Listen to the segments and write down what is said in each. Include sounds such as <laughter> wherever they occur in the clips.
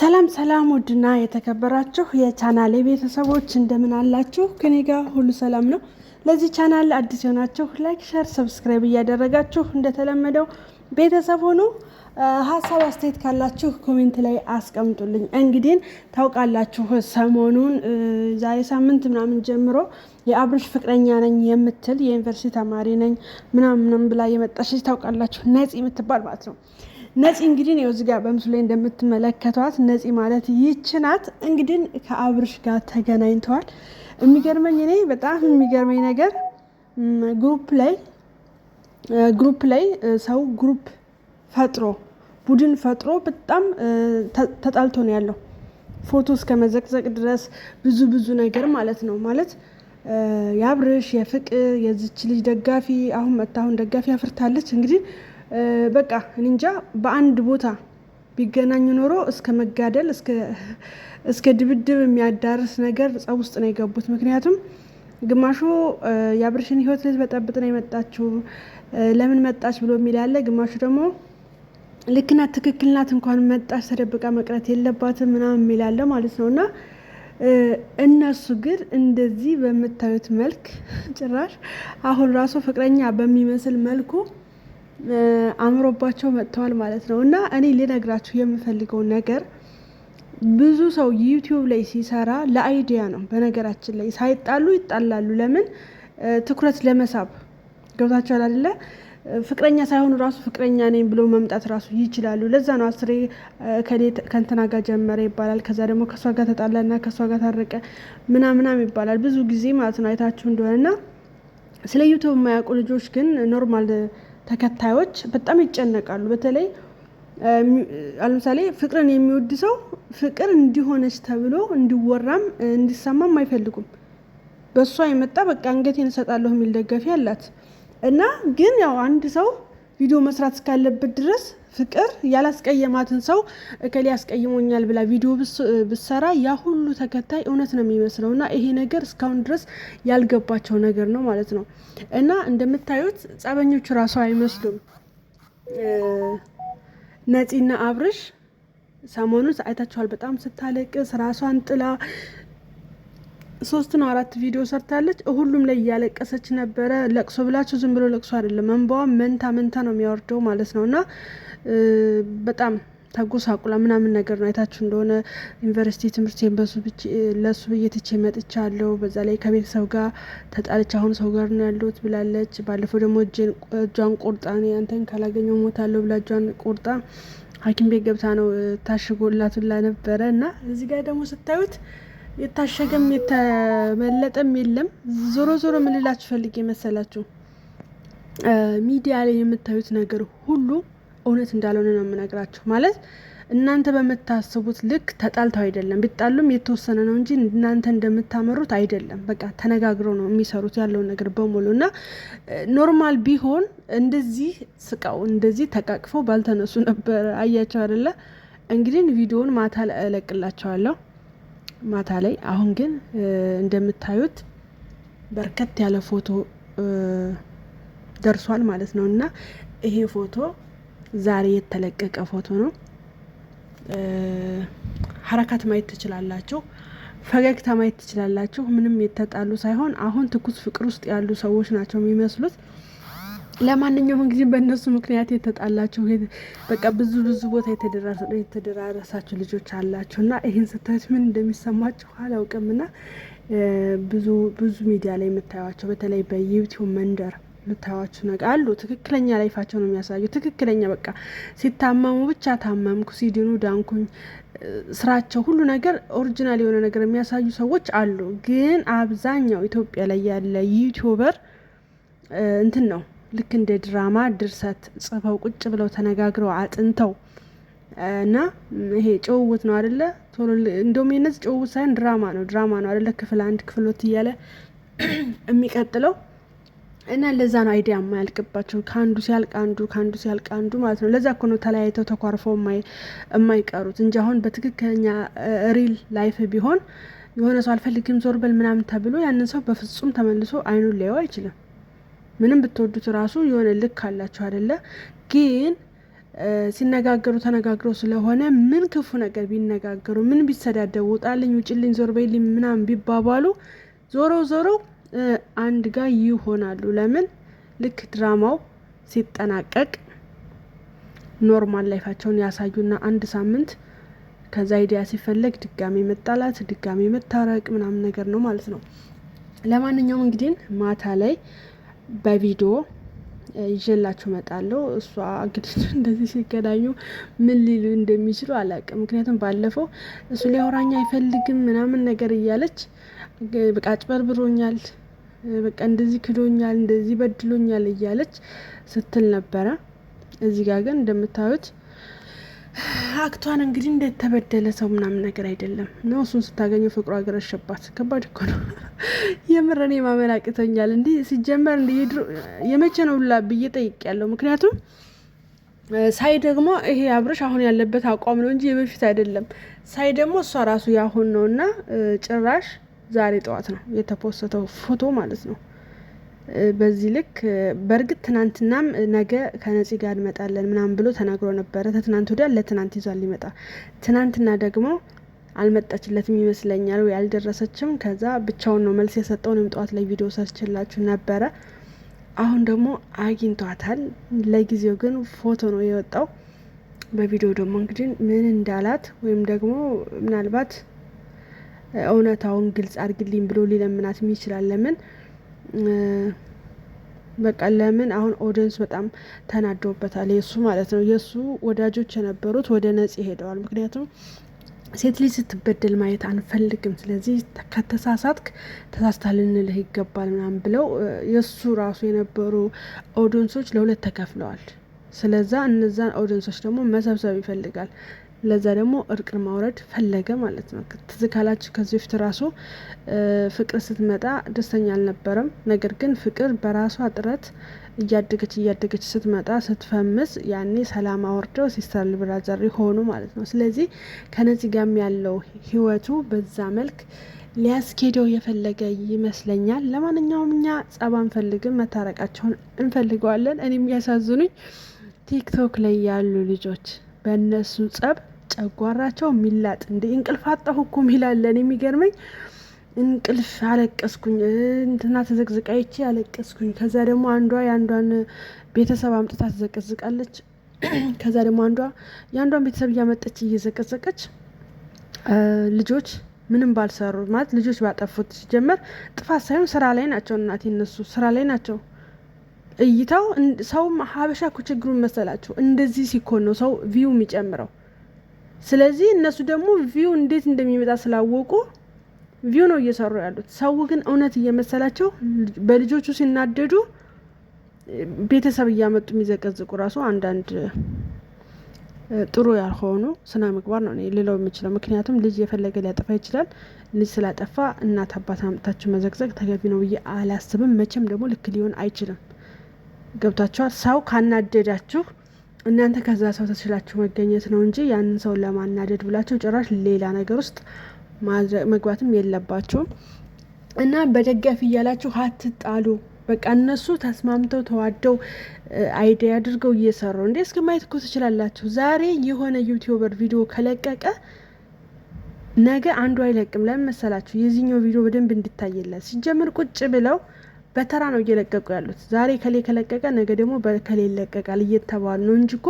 ሰላም ሰላም፣ ውድና የተከበራችሁ የቻናሌ ቤተሰቦች እንደምን አላችሁ? ከኔ ጋር ሁሉ ሰላም ነው። ለዚህ ቻናል አዲስ የሆናችሁ ላይክ፣ ሸር፣ ሰብስክራይብ እያደረጋችሁ እንደተለመደው ቤተሰብ ሆኖ ሀሳብ አስተያየት ካላችሁ ኮሜንት ላይ አስቀምጡልኝ። እንግዲህ ታውቃላችሁ ሰሞኑን ዛሬ ሳምንት ምናምን ጀምሮ የአብርሽ ፍቅረኛ ነኝ የምትል የዩኒቨርሲቲ ተማሪ ነኝ ምናምን ብላ የመጣች ታውቃላችሁ ነፂ የምትባል ማለት ነው ነፂ እንግዲህ ነው እዚህ ጋር በምስሉ ላይ እንደምትመለከቷት ነፂ ማለት ይች ናት። እንግዲህ ከአብርሽ ጋር ተገናኝተዋል። የሚገርመኝ እኔ በጣም የሚገርመኝ ነገር ግሩፕ ላይ ግሩፕ ላይ ሰው ግሩፕ ፈጥሮ ቡድን ፈጥሮ በጣም ተጣልቶ ነው ያለው። ፎቶ እስከ መዘቅዘቅ ድረስ ብዙ ብዙ ነገር ማለት ነው ማለት የአብርሽ የፍቅር የዚች ልጅ ደጋፊ አሁን መታ አሁን ደጋፊ ያፍርታለች እንግዲህ በቃ እንጃ በአንድ ቦታ ቢገናኙ ኖሮ እስከ መጋደል እስከ ድብድብ የሚያዳርስ ነገር ጸብ ውስጥ ነው የገቡት። ምክንያቱም ግማሹ የአብርሽን ህይወት ልትበጠብጥ ነው የመጣችው ለምን መጣች ብሎ የሚል ያለ፣ ግማሹ ደግሞ ልክናት ትክክልናት እንኳን መጣች ተደብቃ መቅረት የለባትም ምናምን የሚል ያለ ማለት ነው እና እነሱ ግን እንደዚህ በምታዩት መልክ ጭራሽ አሁን ራሱ ፍቅረኛ በሚመስል መልኩ አምሮባቸው መጥተዋል ማለት ነው። እና እኔ ልነግራችሁ የምፈልገው ነገር ብዙ ሰው ዩቲዩብ ላይ ሲሰራ ለአይዲያ ነው። በነገራችን ላይ ሳይጣሉ ይጣላሉ። ለምን? ትኩረት ለመሳብ ገብታችኋል አይደለ? ፍቅረኛ ሳይሆኑ ራሱ ፍቅረኛ ነኝ ብሎ መምጣት ራሱ ይችላሉ። ለዛ ነው አስሬ ከእንትና ጋር ጀመረ ይባላል። ከዛ ደግሞ ከእሷ ጋር ተጣላና ከእሷ ጋር ታረቀ ምናምናም ይባላል ብዙ ጊዜ ማለት ነው። አይታችሁ እንደሆነና ስለ ዩቲዩብ የማያውቁ ልጆች ግን ኖርማል ተከታዮች በጣም ይጨነቃሉ። በተለይ ለምሳሌ ፍቅርን የሚወድ ሰው ፍቅር እንዲሆነች ተብሎ እንዲወራም እንዲሰማም አይፈልጉም። በእሷ የመጣ በቃ አንገቴን እሰጣለሁ የሚል ደጋፊ አላት እና ግን ያው አንድ ሰው ቪዲዮ መስራት እስካለበት ድረስ ፍቅር ያላስቀየማትን ሰው እከሌ ያስቀይሞኛል ብላ ቪዲዮ ብሰራ ያ ሁሉ ተከታይ እውነት ነው የሚመስለው እና ይሄ ነገር እስካሁን ድረስ ያልገባቸው ነገር ነው ማለት ነው። እና እንደምታዩት ጸበኞቹ ራሱ አይመስሉም። ነፂና አብርሽ ሰሞኑን አይታችኋል። በጣም ስታለቅስ ራሷን ጥላ ሶስት ነው አራት ቪዲዮ ሰርታለች። ሁሉም ላይ እያለቀሰች ነበረ። ለቅሶ ብላችሁ ዝም ብሎ ለቅሶ አይደለም፣ እንባዋ መንታ መንታ ነው የሚያወርደው ማለት ነው። እና በጣም ተጎሳቁላ ምናምን ነገር ነው። አይታችሁ እንደሆነ ዩኒቨርሲቲ ትምህርቴን ለሱ ብዬ ትቼ መጥቻለሁ። በዛ ላይ ከቤተሰብ ጋር ተጣልቼ አሁን ሰው ጋር ነው ያለሁት ብላለች። ባለፈው ደግሞ እጇን ቆርጣ እኔ አንተን ካላገኘው ሞታለሁ ብላ እጇን ቆርጣ ሐኪም ቤት ገብታ ነው ታሽጎላቱላ ነበረ እና እዚህ ጋር ደግሞ ስታዩት የታሸገም የተመለጠም የለም። ዞሮ ዞሮ ምን ፈልግ ፈልጌ መሰላችሁ ሚዲያ ላይ የምታዩት ነገር ሁሉ እውነት እንዳልሆነ ነው የምነግራችሁ። ማለት እናንተ በምታስቡት ልክ ተጣልተው አይደለም፣ ቢጣሉም የተወሰነ ነው እንጂ እናንተ እንደምታመሩት አይደለም። በቃ ተነጋግረው ነው የሚሰሩት ያለውን ነገር በሙሉ እና ኖርማል ቢሆን እንደዚህ ስቃው እንደዚህ ተቃቅፈው ባልተነሱ ነበር። አያቸው አይደለ? እንግዲህ ቪዲዮውን ማታ እለቅላቸዋለሁ። ማታ ላይ። አሁን ግን እንደምታዩት በርከት ያለ ፎቶ ደርሷል ማለት ነው እና ይሄ ፎቶ ዛሬ የተለቀቀ ፎቶ ነው። ሀረካት ማየት ትችላላችሁ፣ ፈገግታ ማየት ትችላላችሁ። ምንም የተጣሉ ሳይሆን አሁን ትኩስ ፍቅር ውስጥ ያሉ ሰዎች ናቸው የሚመስሉት። ለማንኛውም እንግዲህ በእነሱ ምክንያት የተጣላቸው በቃ ብዙ ብዙ ቦታ የተደራረሳቸው ልጆች አላቸው እና ይህን ስታዩት ምን እንደሚሰማቸው አላውቅም። ና ብዙ ብዙ ሚዲያ ላይ የምታዩቸው በተለይ በዩቲዩብ መንደር የምታዩቸው ነገር አሉ። ትክክለኛ ላይፋቸው ነው የሚያሳዩ ትክክለኛ በቃ ሲታመሙ ብቻ ታመምኩ፣ ሲድኑ ዳንኩኝ፣ ስራቸው ሁሉ ነገር ኦሪጂናል የሆነ ነገር የሚያሳዩ ሰዎች አሉ። ግን አብዛኛው ኢትዮጵያ ላይ ያለ ዩቲዩበር እንትን ነው ልክ እንደ ድራማ ድርሰት ጽፈው ቁጭ ብለው ተነጋግረው አጥንተው እና ይሄ ጭውውት ነው አደለ? ቶሎ እንደውም የነዚህ ጭውውት ሳይሆን ድራማ ነው ድራማ ነው አደለ? ክፍል አንድ ክፍል ሁለት እያለ <clears throat> የሚቀጥለው እና ለዛ ነው አይዲያ የማያልቅባቸው ከአንዱ ሲያልቅ አንዱ ከአንዱ ሲያልቅ አንዱ ማለት ነው። ለዛ እኮ ነው ተለያይተው ተኳርፈው የማይቀሩት እንጂ አሁን በትክክለኛ ሪል ላይፍ ቢሆን የሆነ ሰው አልፈልግም ዞር በል ምናምን ተብሎ ያንን ሰው በፍጹም ተመልሶ አይኑን ሊያየው አይችልም። ምንም ብትወዱት ራሱ የሆነ ልክ አላቸው አይደለ? ግን ሲነጋገሩ ተነጋግሮ ስለሆነ ምን ክፉ ነገር ቢነጋገሩ፣ ምን ቢሰዳደቡ፣ ውጣልኝ፣ ውጭልኝ፣ ዞር በይልኝ ምናምን ቢባባሉ ዞሮ ዞሮ አንድ ጋር ይሆናሉ። ለምን ልክ ድራማው ሲጠናቀቅ ኖርማል ላይፋቸውን ያሳዩና አንድ ሳምንት ከዛ አይዲያ ሲፈለግ ድጋሜ መጣላት፣ ድጋሜ መታረቅ ምናምን ነገር ነው ማለት ነው። ለማንኛውም እንግዲህ ማታ ላይ በቪዲዮ ይዤላችሁ እመጣለሁ። እሷ እንግዲህ <laughs> እንደዚህ ሲገናኙ ምን ሊሉ እንደሚችሉ አላውቅም። ምክንያቱም ባለፈው እሱ ሊያወራኝ አይፈልግም ምናምን ነገር እያለች በቃ አጭበርብሮኛል፣ በቃ እንደዚህ ክዶኛል፣ እንደዚህ በድሎኛል እያለች ስትል ነበረ። እዚህ ጋር ግን እንደምታዩት አክቷን እንግዲህ እንደተበደለ ሰው ምናምን ነገር አይደለም ነው። እሱን ስታገኘው ፍቅሩ አሸባት። ከባድ እኮ ነው የምር። እኔ ማመን አቅቶኛል። እንዲህ ሲጀመር እንዲህ የመቼ ነው ላ ብዬ ያለው ምክንያቱም ሳይ ደግሞ ይሄ አብረሽ አሁን ያለበት አቋም ነው እንጂ የበፊት አይደለም። ሳይ ደግሞ እሷ ራሱ ያሁን ነው እና ጭራሽ ዛሬ ጠዋት ነው የተፖሰተው ፎቶ ማለት ነው። በዚህ ልክ በእርግጥ ትናንትናም ነገ ከነፂ ጋር እንመጣለን ምናምን ብሎ ተናግሮ ነበረ። ተትናንት ወዲያ ለትናንት ይዟል ሊመጣ ትናንትና ደግሞ አልመጣችለትም ይመስለኛል ወይ አልደረሰችም። ከዛ ብቻውን ነው መልስ የሰጠው። እኔም ጠዋት ላይ ቪዲዮ ሰርችላችሁ ነበረ። አሁን ደግሞ አግኝቷታል። ለጊዜው ግን ፎቶ ነው የወጣው። በቪዲዮ ደግሞ እንግዲህ ምን እንዳላት ወይም ደግሞ ምናልባት እውነታውን ግልጽ አድርግልኝ ብሎ ሊለምናትም ይችላል። ለምን በቃ ለምን አሁን ኦዲንስ በጣም ተናደውበታል። የእሱ ማለት ነው የእሱ ወዳጆች የነበሩት ወደ ነጽ ሄደዋል። ምክንያቱም ሴት ልጅ ስትበደል ማየት አንፈልግም። ስለዚህ ከተሳሳትክ ተሳስታ ልንልህ ይገባል ምናምን ብለው የእሱ ራሱ የነበሩ ኦዲንሶች ለሁለት ተከፍለዋል። ስለዛ እነዛን ኦዲንሶች ደግሞ መሰብሰብ ይፈልጋል። ለዛ ደግሞ እርቅን ማውረድ ፈለገ ማለት ነው። ትዝ ካላችሁ ከዚህ በፊት ራሱ ፍቅር ስትመጣ ደስተኛ አልነበረም። ነገር ግን ፍቅር በራሷ ጥረት እያደገች እያደገች ስትመጣ ስትፈምስ፣ ያኔ ሰላም አወርደው ሲስተር ብራዘር ሆኑ ማለት ነው። ስለዚህ ከነዚህ ጋም ያለው ህይወቱ በዛ መልክ ሊያስኬደው የፈለገ ይመስለኛል። ለማንኛውም እኛ ጸብ አንፈልግም፣ መታረቃቸውን እንፈልገዋለን። እኔ የሚያሳዝኑኝ ቲክቶክ ላይ ያሉ ልጆች በእነሱ ጸብ ጨጓራቸው ሚላጥ እንደ እንቅልፍ አጣሁ እኮ ሚላለን የሚገርመኝ እንቅልፍ አለቀስኩኝ፣ እንትና ተዘቅዝቃይቼ አለቀስኩኝ። ከዛ ደግሞ አንዷ የአንዷን ቤተሰብ አምጥታ ትዘቀዝቃለች። <clears throat> ከዛ ደግሞ አንዷ የአንዷን ቤተሰብ እያመጠች እየዘቀዘቀች ልጆች ምንም ባልሰሩ ማለት ልጆች ባጠፉት ሲጀመር ጥፋት ሳይሆን ስራ ላይ ናቸው። እናቴ እነሱ ስራ ላይ ናቸው። እይታው ሰውም ሀበሻ እኮ ችግሩን እንደዚህ ሲኮን ነው ሰው ቪው የሚጨምረው። ስለዚህ እነሱ ደግሞ ቪው እንዴት እንደሚመጣ ስላወቁ ቪው ነው እየሰሩ ያሉት። ሰው ግን እውነት እየመሰላቸው በልጆቹ ሲናደዱ ቤተሰብ እያመጡ የሚዘቀዝቁ ራሱ አንዳንድ ጥሩ ያልሆኑ ስነ ምግባር ነው ልለው የምችለው። ምክንያቱም ልጅ የፈለገ ሊያጠፋ ይችላል። ልጅ ስላጠፋ እናት አባት አምጥታችሁ መዘግዘግ ተገቢ ነው ብዬ አላስብም። መቼም ደግሞ ልክ ሊሆን አይችልም። ገብታችኋል። ሰው ካናደዳችሁ እናንተ ከዛ ሰው ተችላችሁ መገኘት ነው እንጂ ያንን ሰው ለማናደድ ብላችሁ ጭራሽ ሌላ ነገር ውስጥ መግባትም የለባችሁም። እና በደጋፊ እያላችሁ አትጣሉ። በቃ እነሱ ተስማምተው ተዋደው አይዲያ አድርገው እየሰሩ እንዴ እስከ ማየት እኮ ትችላላችሁ። ዛሬ የሆነ ዩቲዩበር ቪዲዮ ከለቀቀ ነገ አንዱ አይለቅም። ለምን መሰላችሁ? የዚህኛው ቪዲዮ በደንብ እንድታይለት ሲጀምር ቁጭ ብለው በተራ ነው እየለቀቁ ያሉት። ዛሬ ከሌ ከለቀቀ ነገ ደግሞ በከሌ ይለቀቃል እየተባሉ ነው እንጂ እኮ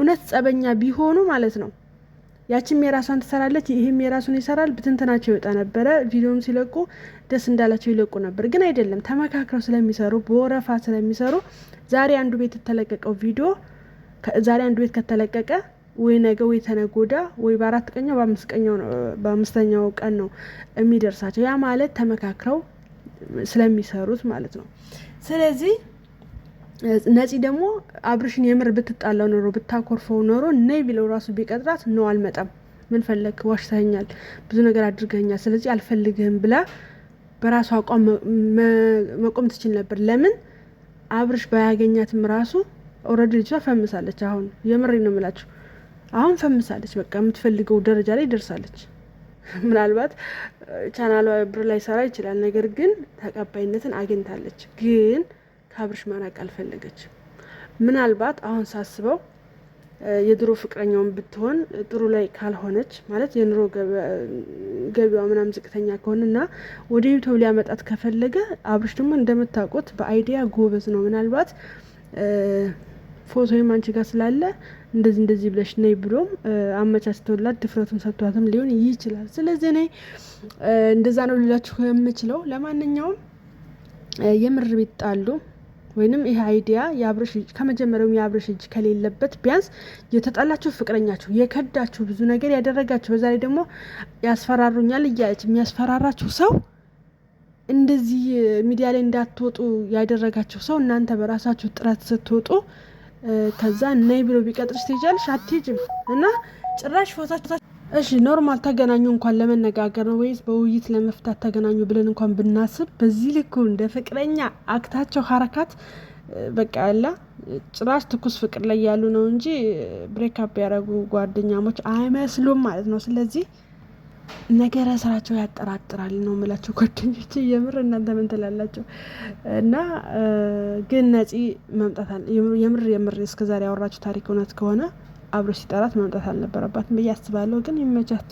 እውነት ጸበኛ ቢሆኑ ማለት ነው ያችም የራሷን ትሰራለች፣ ይህም የራሱን ይሰራል። ብትንትናቸው ይወጣ ነበረ። ቪዲዮም ሲለቁ ደስ እንዳላቸው ይለቁ ነበር። ግን አይደለም፣ ተመካክረው ስለሚሰሩ በወረፋ ስለሚሰሩ ዛሬ አንዱ ቤት የተለቀቀው ቪዲዮ ዛሬ አንዱ ቤት ከተለቀቀ ወይ ነገ ወይ ተነጎዳ ወይ በአራት ቀኛው በአምስተኛው ቀን ነው የሚደርሳቸው። ያ ማለት ተመካክረው ስለሚሰሩት ማለት ነው። ስለዚህ ነፂ ደግሞ አብርሽን የምር ብትጣላው ኖሮ ብታኮርፈው ኖሮ ነይ ቢለው ራሱ ቢቀጥራት ነው አልመጣም፣ ምን ፈለግ፣ ዋሽተኛል፣ ብዙ ነገር አድርገኛል፣ ስለዚህ አልፈልግህም ብላ በራሱ አቋም መቆም ትችል ነበር። ለምን አብርሽ ባያገኛትም ራሱ ኦልሬዲ ልጅቷ ፈምሳለች። አሁን የምሬ ነው የምላችሁ፣ አሁን ፈምሳለች። በቃ የምትፈልገው ደረጃ ላይ ደርሳለች። <laughs> ምናልባት ቻናሏ ብር ላይ ሰራ ይችላል። ነገር ግን ተቀባይነትን አግኝታለች። ግን ከአብርሽ መራቅ አልፈለገች። ምናልባት አሁን ሳስበው የድሮ ፍቅረኛውን ብትሆን ጥሩ ላይ ካልሆነች ማለት የኑሮ ገቢዋ ምናም ዝቅተኛ ከሆነና ወደ ዩቱብ ሊያመጣት ከፈለገ አብርሽ ደግሞ እንደምታውቁት በአይዲያ ጎበዝ ነው። ምናልባት ፎቶ ወይም አንቺ ጋር ስላለ እንደዚህ እንደዚህ ብለሽ ነይ ብሎም አመቻችቶላት ድፍረቱን ሰጥቷትም ሊሆን ይችላል። ስለዚህ እኔ እንደዛ ነው ልላችሁ የምችለው። ለማንኛውም የምር ቢጣሉ ወይንም ይህ አይዲያ የአብረሽ እጅ ከመጀመሪያውም የአብረሽ እጅ ከሌለበት ቢያንስ የተጣላችሁ ፍቅረኛችሁ የከዳችሁ ብዙ ነገር ያደረጋችሁ በዛ ላይ ደግሞ ያስፈራሩኛል እያለች የሚያስፈራራችሁ ሰው እንደዚህ ሚዲያ ላይ እንዳትወጡ ያደረጋችሁ ሰው እናንተ በራሳችሁ ጥረት ስትወጡ ከዛ ነይ ብሎ ቢቀጥርሽ ትሄጃለሽ አትሄጂም? እና ጭራሽ ፎታችሁ እሺ ኖርማል ተገናኙ እንኳን ለመነጋገር ነው ወይስ በውይይት ለመፍታት ተገናኙ ብለን እንኳን ብናስብ በዚህ ልኩ እንደ ፍቅረኛ አክታቸው ሀረካት በቃ ያላ ጭራሽ ትኩስ ፍቅር ላይ ያሉ ነው እንጂ ብሬክ አፕ ያደረጉ ጓደኛሞች አይመስሉም ማለት ነው። ስለዚህ ነገረ ስራቸው ያጠራጥራል ነው የምላቸው ጓደኞች። የምር እናንተ ምን ትላላቸው? እና ግን ነፂ መምጣት የምር የምር እስከዛሬ ያወራችሁ ታሪክ እውነት ከሆነ አብሮ ሲጠራት መምጣት አልነበረባትም ብዬ አስባለሁ። ግን ይመቻት።